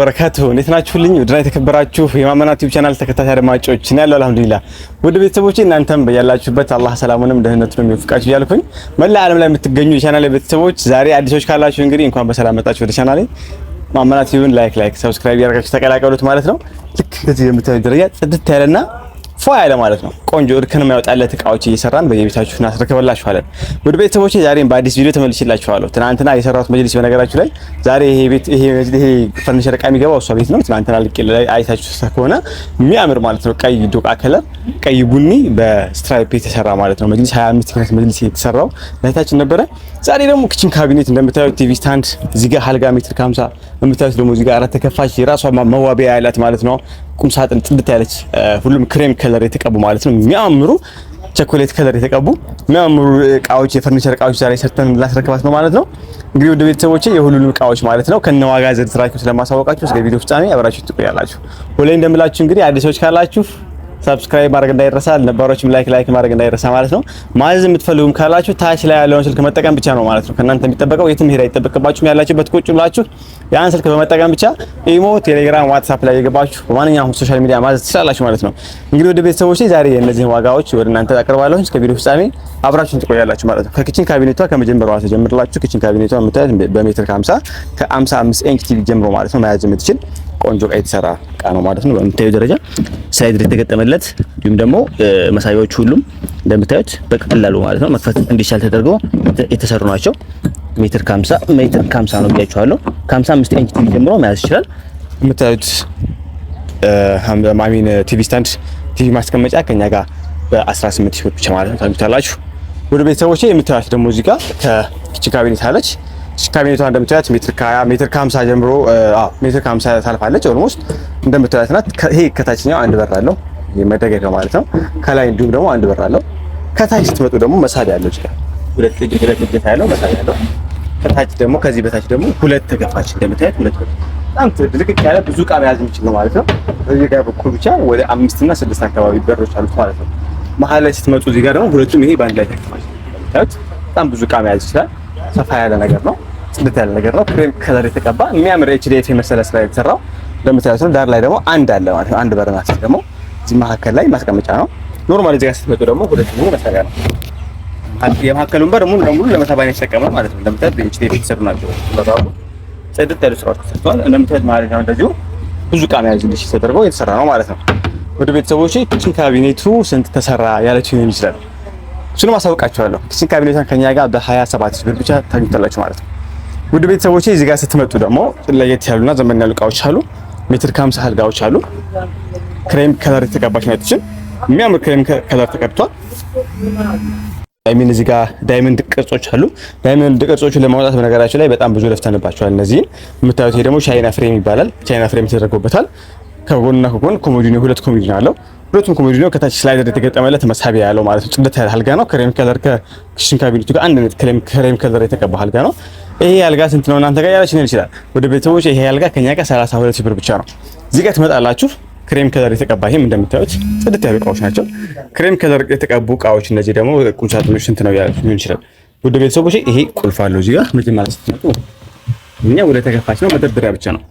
በረካቱ እንዴት ናችሁልኝ? ውድና የተከበራችሁ የማመና ዩቲዩብ ቻናል ተከታታይ አድማጮች እና ያለው አልሐምዱሊላህ ውድ ቤተሰቦቼ እናንተም በያላችሁበት አላህ ሰላሙንም ደህንነቱንም ይወፍቃችሁ እያልኩኝ መላ ዓለም ላይ የምትገኙ የቻናል ቤተሰቦች ዛሬ አዲሶች ካላችሁ እንግዲህ እንኳን በሰላም መጣችሁ ወደ ቻናሌ። ማመና ዩቲዩብን ላይክ ላይክ ሰብስክራይብ ያደርጋችሁ ተቀላቀሉት ማለት ነው። ልክ እንደዚህ የምታዩት ደረጃ ጽድት ያለና ፏ ያለ ማለት ነው ቆንጆ እርከን የሚያወጣለት እቃዎች እየሰራን በየቤታችሁ እናስረክበላችኋለን። ውድ ቤተሰቦች ዛሬም በአዲስ ቪዲዮ ተመልሼላችኋለሁ። ትናንትና የሰራሁት መጅሊስ በነገራችሁ ላይ ዛሬ ይሄ ቤት ይሄ ፈርኒቸር እቃ የሚገባው እሷ ቤት ነው። ትናንትና ልቅ ላይ አይታችሁ ከሆነ የሚያምር ማለት ነው ቀይ ዶቃ ከለር ቀይ ቡኒ በስትራይፕ የተሰራ ማለት ነው መጅሊስ 25 ክፍት መጅሊስ የተሰራው ለታችን ነበረ። ዛሬ ደግሞ ክችን ካቢኔት እንደምታዩት ቲቪ ስታንድ እዚህ ጋር አልጋ ሜትር ከ50 እንደምታዩት ደግሞ እዚህ ጋር አራት ተከፋች የራሷ መዋቢያ ያላት ማለት ነው። ቁም ሳጥን ጥድት ያለች ሁሉም ክሬም ከለር የተቀቡ ማለት ነው የሚያምሩ ቸኮሌት ከለር የተቀቡ የሚያምሩ እቃዎች የፈርኒቸር እቃዎች ዛሬ ሰርተን ላስረክባት ነው ማለት ነው። እንግዲህ ወደ ቤተሰቦች የሁሉንም እቃዎች ማለት ነው ከነ ዋጋ ዝርዝራቸው ስለማሳወቃችሁ እስከ ቪዲዮ ፍጻሜ አብራችሁ ትቆያላችሁ። ሁሌ እንደምላችሁ እንግዲህ አዲሶች ካላችሁ ሰብስክራይብ ማድረግ እንዳይረሳ፣ ነባሮችም ላይክ ላይክ ማድረግ እንዳይረሳ ማለት ነው። ማዘዝ የምትፈልጉም ካላችሁ ታች ላይ ያለውን ስልክ መጠቀም ብቻ ነው ማለት ነው። ከእናንተ የሚጠበቀው የትም ሄድ አይጠበቅባችሁም። ያላችሁበት ቁጭ ብላችሁ ያን ስልክ በመጠቀም ብቻ ኢሞ፣ ቴሌግራም፣ ዋትሳፕ ላይ የገባችሁ በማንኛውም ሶሻል ሚዲያ ማዘዝ ትችላላችሁ ማለት ነው። እንግዲህ ወደ ቤተሰቦች ዛሬ የእነዚህን ዋጋዎች ወደ እናንተ አቀርባለሁ። እስከ ቪዲዮ ፍጻሜ አብራችሁን ትቆያላችሁ ማለት ነው። ከኪችን ካቢኔቷ ከመጀመሪያዋ ተጀምርላችሁ ኪችን ካቢኔቷ የምታዩት በሜትር ከ50 ከ55 ኢንች ቲቪ ጀምሮ ማለት ነው መያዝ የምትችል ቆንጆ እቃ የተሰራ እቃ ነው ማለት ነው። በምታዩ ደረጃ ስላይድር የተገጠመለት እንዲሁም ደግሞ መሳቢያዎች ሁሉም እንደምታዩት በቀላሉ ማለት ነው መክፈት እንዲቻል ተደርገው የተሰሩ ናቸው። ሜትር 50 ሜትር 50 ነው ብያችኋለሁ። ከሀምሳ ኢንች ቲቪ ጀምሮ መያዝ ይችላል። የምታዩት ማሚን ቲቪ ስታንድ ቲቪ ማስቀመጫ ከኛ ጋር በ18 ሺህ ብር ብቻ ማለት ነው ታላችሁ። ወደ ቤተሰቦች የምታዩት ደግሞ እዚህ ጋር ከኪችን ካቢኔት አለች። ካቢኔቷ እንደምታዩት ሜትር ከ20 ሜትር ከ50 ጀምሮ አዎ ሜትር ከ50 ታልፋለች። ኦልሞስት እንደምታዩት ናት። ይሄ ከታችኛው አንድ በር አለው መደገፊያ ማለት ነው። ከላይ እንዲሁም ደግሞ አንድ በር አለው። ከታች ስትመጡ ደግሞ መሳቢያ አለው። ይችላል ሁለት ልጅ ሁለት ልጅ ያለው መሳቢያ አለው። ከታች ደግሞ ከዚህ በታች ደግሞ ሁለት ተገፋች እንደምታዩት ሁለት በጣም ልቅቅ ያለ ብዙ እቃ መያዝ የሚችል ነው ማለት ነው። በዚህ ጋር በኩል ብቻ ወደ አምስት እና ስድስት አካባቢ በሮች አሉት ማለት ነው። መሀል ላይ ስትመጡ እዚህ ጋር ደግሞ ሁለቱም ይሄ በአንድ ላይ ተከፋች እንደምታዩት በጣም ብዙ እቃ መያዝ ይችላል። ሰፋ ያለ ነገር ነው። ጽድት ያለ ነገር ነው። ክሬም ከለር የተቀባ የሚያምር ኤችዲኤፍ የመሰለ ስራ የተሰራው ለምታዩት ነው። ዳር ላይ ደግሞ አንድ አለ ማለት ነው። አንድ በር ናት ደግሞ እዚህ መካከል ላይ ማስቀመጫ ነው። ኖርማል እዚህ ጋር ስትመጡ ደግሞ ሁለት ሙሉ መሳሪያ ነው። የመካከሉን በር ሙሉ ለሙሉ ለመሳቢያ ነው የተጠቀመው ማለት ነው። እንደምታዩት በኤችዲኤፍ የተሰሩ ናቸው። ለታውቁ ጽድት ያሉ ስራዎች ተሰርተዋል። እንደምታዩት ማለት ነው። እንደዚሁ ብዙ ዕቃ መያዝ እንዲችል ተደርጎ የተሰራ ነው ማለት ነው። ወደ ቤተሰቦች ኪችን ካቢኔቱ ስንት ተሰራ ያለችው ይሆን ይችላል። እሱንም አሳውቃችኋለሁ። ኪችን ካቢኔቷን ከኛ ጋር በ27 ብር ብቻ ታግኝታላችሁ ማለት ነው። ውድ ቤተሰቦች እዚህ ጋር ስትመጡ ደግሞ ለየት ያሉና ዘመን ያሉ እቃዎች አሉ። ሜትር ከሀምሳ አልጋዎች አሉ። ክሬም ከለር የተቀባች ናይቶችን የሚያምር ክሬም ከለር ተቀብቷል። አይሚን እዚህ ጋር ዳይመንድ ቅርጾች አሉ። ዳይመንድ ቅርጾችን ለማውጣት በነገራችን ላይ በጣም ብዙ ለፍተንባቸዋል። እነዚህን የምታዩት ይሄ ደግሞ ቻይና ፍሬም ይባላል። ቻይና ፍሬም ተደርጎበታል። ከጎንና ከጎን ኮሞዲኖ ሁለት ኮሞዲኖ አለው። ሁለቱም ኮሞዲኖ ከታች ስላይደር የተገጠመለት መሳቢያ ያለው ማለት ነው። ጽደት ያለ አልጋ ነው። ክሬም ከለር ከኪችን ካቢኔቱ ጋር አንድ ክሬም ከለር የተቀባ አልጋ ነው። ይሄ አልጋ ስንት ነው እናንተ ጋር ያለች ነው ይችላል። ወደ ቤተሰቦች ይሄ አልጋ ከኛ ጋር 32 ሺህ ብር ብቻ ነው። እዚህ ጋር ትመጣላችሁ። ክሬም ከለር የተቀባ ይሄም እንደምታዩት ጽድት ያሉ እቃዎች ናቸው። ክሬም ከለር የተቀቡ እቃዎች እነዚህ ደግሞ ቁም ሳጥኖች ስንት ነው ያለች ነው ይችላል። ወደ ቤተሰቦች ይሄ ቁልፍ አለው እዚህ ጋር መጀመሪያ ስትመጡ እኛ ወደ ተከፋች ነው መደርደሪያ ብቻ ነው።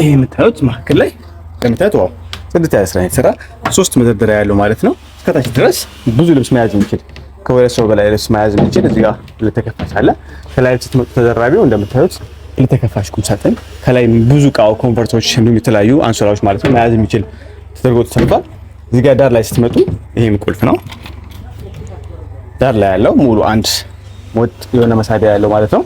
ይሄ የምታዩት መካከል ላይ እንደምታዩት ዋው ጽድት ያለ ስራ የተሰራ ሶስት መደርደሪያ ያለው ማለት ነው። እስከታች ድረስ ብዙ ልብስ መያዝ የሚችል ከሁለት ሰው በላይ ልብስ መያዝ የሚችል እዚህ ጋር ለተከፋሽ አለ። ከላይ ስትመጡ ተደራቢው እንደምታዩት ለተከፋሽ ቁም ከላይ ብዙ እቃው ኮንቨርቶች፣ እንዲሁም የተለያዩ አንሶላዎች ማለት ነው መያዝ የሚችል ተደርጎ ተሰርቷል። እዚህ ጋር ዳር ላይ ስትመጡ ይሄም ቁልፍ ነው። ዳር ላይ ያለው ሙሉ አንድ ወጥ የሆነ መሳቢያ ያለው ማለት ነው።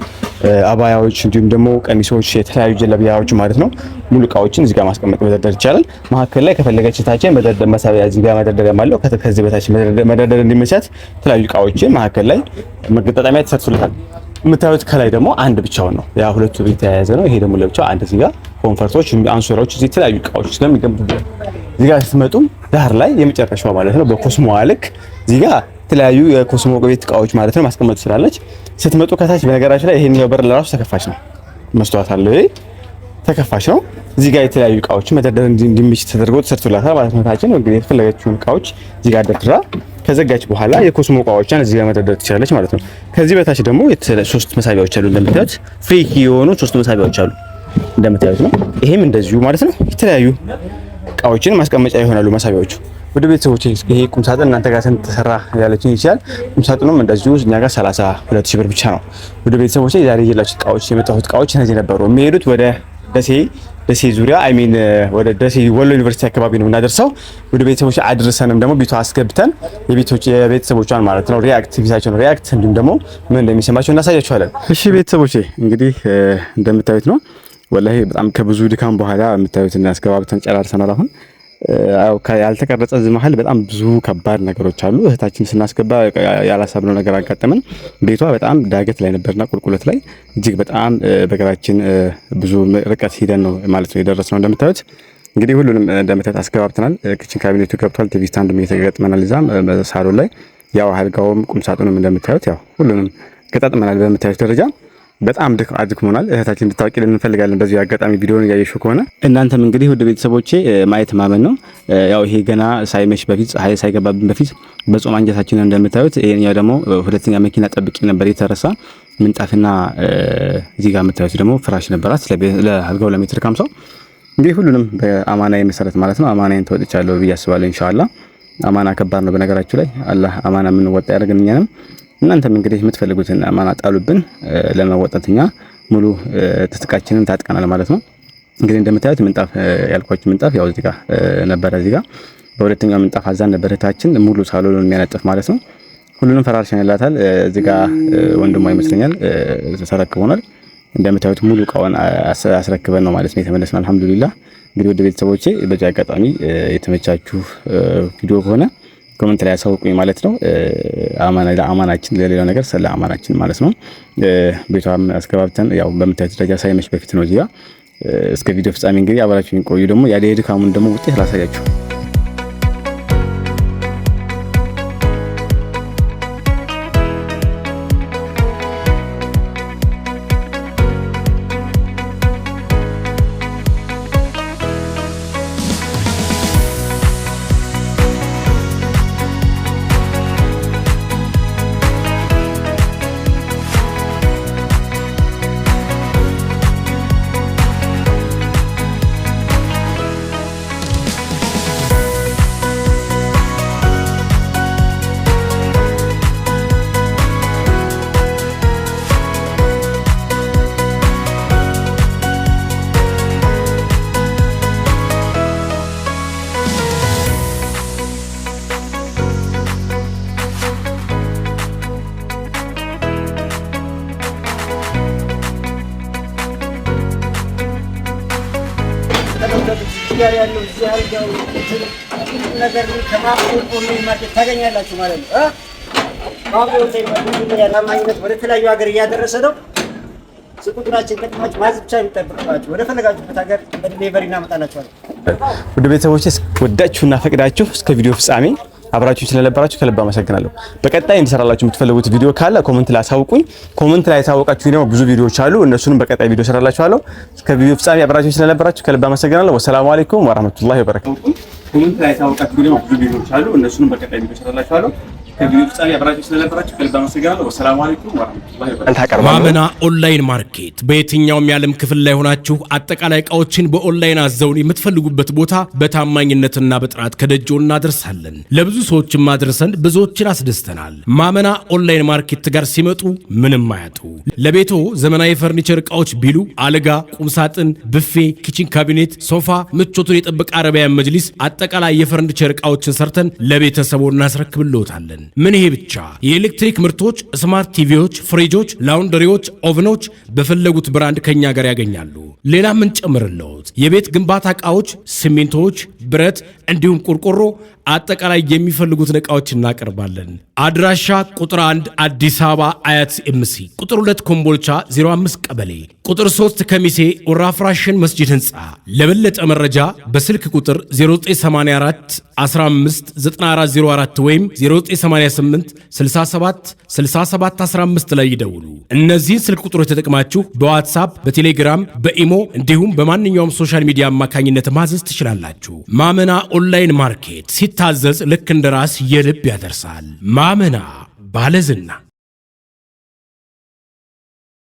አባያዎች እንዲሁም ደግሞ ቀሚሶች፣ የተለያዩ ጀለቢያዎች ማለት ነው። ሙሉ እቃዎችን እዚህ ጋር ማስቀመጥ መደርደር ይቻላል። መካከል ላይ ከፈለገች ታችን መደርደር መሳቢያ እዚህ ጋር መደርደር አለው። ከዚህ በታች መደርደር እንዲመቻት የተለያዩ እቃዎችን መካከል ላይ መገጣጠሚያ ተሰርቶለታል። የምታዩት ከላይ ደግሞ አንድ ብቻውን ነው። ያ ሁለቱ የተያያዘ ነው። ይሄ ደግሞ ለብቻው አንድ እዚህ ጋር ኮንፈርቶች፣ አንሶላዎች እዚህ የተለያዩ እቃዎች ስለሚገምቱ እዚህ ጋር ስትመጡ ዳር ላይ የመጨረሻው ማለት ነው በኮስሞ ልክ እዚህ ጋር የተለያዩ የኮስሞ ቤት እቃዎች ማለት ነው ማስቀመጥ ትችላለች። ስትመጡ ከታች በነገራችን ላይ ይሄን በር ለራሱ ተከፋች ነው፣ መስታወት አለው። ተከፋች ነው። እዚህ ጋር የተለያዩ እቃዎች መደርደር እንዲመች ተደርጎ ተሰርቶላታል ማለት ነው። ታችን እንግዲህ የተፈለገችውን እቃዎች እዚህ ጋር ደርድራ ከዘጋች በኋላ የኮስሞ እቃዎቿን እዚህ ጋር መደርደር ትችላለች ማለት ነው። ከዚህ በታች ደግሞ ሶስት መሳቢያዎች አሉ እንደምታዩት፣ ፍሪ የሆኑ ሶስት መሳቢያዎች አሉ እንደምታዩት ነው። ይሄም እንደዚሁ ማለት ነው የተለያዩ እቃዎችን ማስቀመጫ ይሆናሉ መሳቢያዎቹ። ወደ ቤተሰቦች ይሄ ቁም ሳጥን እናንተ ጋር ስንት ተሰራ ያለችኝ ይችላል። ሳጥኑም እንደዚሁ እኛ ጋር 32 ሺህ ብር ብቻ ነው። ወደ ቤተሰቦች ዛሬ ይላችሁ እቃዎች የመጣሁት እቃዎች እነዚህ ነበሩ። የሚሄዱት ወደ ደሴ ደሴ ዙሪያ አይ ሚን ወደ ደሴ ወሎ ዩኒቨርሲቲ አካባቢ ነው የምናደርሰው። ወደ ቤተሰቦች አድርሰንም ደግሞ ቤቷ አስገብተን የቤተሰቦቿን ማለት ነው ሪያክት ፊታቸውን ሪያክት እንዲሁም ደግሞ ምን እንደሚሰማቸው እናሳያቸዋለን። እሺ ቤተሰቦች እንግዲህ እንደምታዩት ነው። ወላሂ በጣም ከብዙ ድካም በኋላ የምታዩት እና አስገባብተን ጨራርሰናል አሁን ያልተቀረጸ እዚህ መሀል በጣም ብዙ ከባድ ነገሮች አሉ። እህታችን ስናስገባ ያላሰብነው ነገር አጋጠመን። ቤቷ በጣም ዳገት ላይ ነበርና ቁልቁለት ላይ እጅግ በጣም በእግራችን ብዙ ርቀት ሂደን ነው ማለት ነው የደረስነው። እንደምታዩት እንግዲህ ሁሉንም እንደምታዩት አስገባብተናል። ክችን ካቢኔቱ ገብቷል። ቲቪ ስታንዱም እየተገጥመናል። እዛም ሳሎን ላይ ያው አልጋውም ቁምሳጥኑም እንደምታዩት ያው ሁሉንም ገጣጥመናል በምታዩት ደረጃ በጣም አድክሞናል። እህታችን እንድታወቂ እንፈልጋለን። በዚህ አጋጣሚ ቪዲዮን እያየሽው ከሆነ እናንተም እንግዲህ ውድ ቤተሰቦቼ ማየት ማመን ነው። ያው ይሄ ገና ሳይመሽ በፊት ፀሐይ ሳይገባብን በፊት በጾም አንጀታችን እንደምታዩት፣ ይሄኛው ደግሞ ሁለተኛ መኪና ጠብቂ ነበር የተረሳ ምንጣፍና እዚህ ጋር የምታዩት ደግሞ ፍራሽ ነበራት ለአልጋው ለሜትር ካምሳ እንግዲህ ሁሉንም በአማናዊ መሰረት ማለት ነው። አማናዊን ተወጥቻለሁ ብዬ አስባለሁ። ኢንሻአላህ አማና ከባድ ነው። በነገራችሁ ላይ አላህ አማና የምንወጣ ያደርገን እናንተም እንግዲህ የምትፈልጉትን አማና ጣሉብን ለመወጣት እኛ ሙሉ ትጥቃችንን ታጥቀናል ማለት ነው። እንግዲህ እንደምታዩት ምንጣፍ ያልኳችሁ ምንጣፍ ያው እዚህ ጋር ነበረ። እዚህ ጋር በሁለተኛው ምንጣፍ አዛን ነበረ ታችን ሙሉ ሳሎኑን የሚያነጥፍ ማለት ነው። ሁሉንም ፈራርሽን ይላታል። እዚህ ጋር ወንድሟ ይመስለኛል ተረክቦናል። እንደምታዩት ሙሉ እቃውን አስረክበን ነው ማለት ነው የተመለስነው። አልሐምዱሊላ። እንግዲህ ወደ ቤተሰቦቼ በዚህ አጋጣሚ የተመቻችሁ ቪዲዮ ከሆነ ኮመንት ላይ ያሳውቁኝ ማለት ነው። ለአማናችን ለሌላው ነገር ስለ አማናችን ማለት ነው። ቤቷም አስገባብተን ያው በምታዩት ደረጃ ሳይመሽ በፊት ነው እዚያ እስከ ቪዲዮ ፍጻሜ እንግዲህ አብራችሁኝ ቆዩ። ደግሞ ያለ ድካሙን ደግሞ ውጤት ላሳያችሁ። ጋር ያለው እዚህ አልጋው ነገር ታገኛላችሁ ማለት ነው። ታማኝነት ወደ ተለያዩ ሀገር እያደረሰ ነው። ቁጥራችን ጠቅማችሁ ማዘዝ ብቻ የሚጠብቅባችሁ ወደ ፈለጋችሁበት ሀገር በዲሊቨሪ እናመጣላችኋለን። ወደ ቤተሰቦች ወዳችሁና ፈቅዳችሁ እስከ ቪዲዮ ፍጻሜ አብራችሁ ስለነበራችሁ ከልብ አመሰግናለሁ። በቀጣይ እንድሰራላችሁ የምትፈልጉት ቪዲዮ ካለ ኮመንት ላይ አሳውቁኝ። ኮመንት ላይ ያሳወቃችሁ ደግሞ ብዙ ቪዲዮዎች አሉ። እነሱንም በቀጣይ ቪዲዮ እሰራላችኋለሁ። እስከ ቪዲዮ ፍጻሜ አብራችሁ ስለነበራችሁ ከልብ አመሰግናለሁ። ወሰላሙ አለይኩም ወራህመቱላሂ ወበረካቱ። ኮመንት ላይ ያሳወቃችሁ ደግሞ ብዙ ቪዲዮዎች አሉ። እነሱንም በቀጣይ ቪዲዮ እሰራላችኋለሁ። ማመና ኦንላይን ማርኬት በየትኛውም የዓለም ክፍል ላይ ሆናችሁ አጠቃላይ እቃዎችን በኦንላይን አዘውን የምትፈልጉበት ቦታ በታማኝነትና በጥራት ከደጆ እናደርሳለን። ለብዙ ሰዎችም ማድረሰን ብዙዎችን አስደስተናል። ማመና ኦንላይን ማርኬት ጋር ሲመጡ ምንም አያጡ። ለቤቶ ዘመናዊ ፈርኒቸር እቃዎች ቢሉ አልጋ፣ ቁምሳጥን፣ ብፌ፣ ኪችን ካቢኔት፣ ሶፋ፣ ምቾቱን የጠበቀ አረቢያን መጅሊስ፣ አጠቃላይ የፈርኒቸር እቃዎችን ሰርተን ለቤተሰቦ እናስረክብልዎታለን። ምን ይሄ ብቻ የኤሌክትሪክ ምርቶች፣ ስማርት ቲቪዎች፣ ፍሪጆች፣ ላውንደሪዎች፣ ኦቭኖች በፈለጉት ብራንድ ከኛ ጋር ያገኛሉ። ሌላ ምን ጨምርለውት? የቤት ግንባታ እቃዎች፣ ሲሚንቶዎች፣ ብረት እንዲሁም ቆርቆሮ አጠቃላይ የሚፈልጉትን እቃዎች እናቀርባለን። አድራሻ ቁጥር 1 አዲስ አበባ አያት ኤምሲ፣ ቁጥር 2 ኮምቦልቻ 05 ቀበሌ፣ ቁጥር 3 ከሚሴ ወራፍራሽን መስጂድ ህንፃ። ለበለጠ መረጃ በስልክ ቁጥር 0984 15 9404 ወይም 0988 67 67 15 ላይ ይደውሉ። እነዚህን ስልክ ቁጥሮች ተጠቅማችሁ በዋትሳፕ በቴሌግራም በኢሞ እንዲሁም በማንኛውም ሶሻል ሚዲያ አማካኝነት ማዘዝ ትችላላችሁ። ማመና ኦንላይን ማርኬት ሲታዘዝ ልክ እንደ ራስ የልብ ያደርሳል። ማመና ባለዝና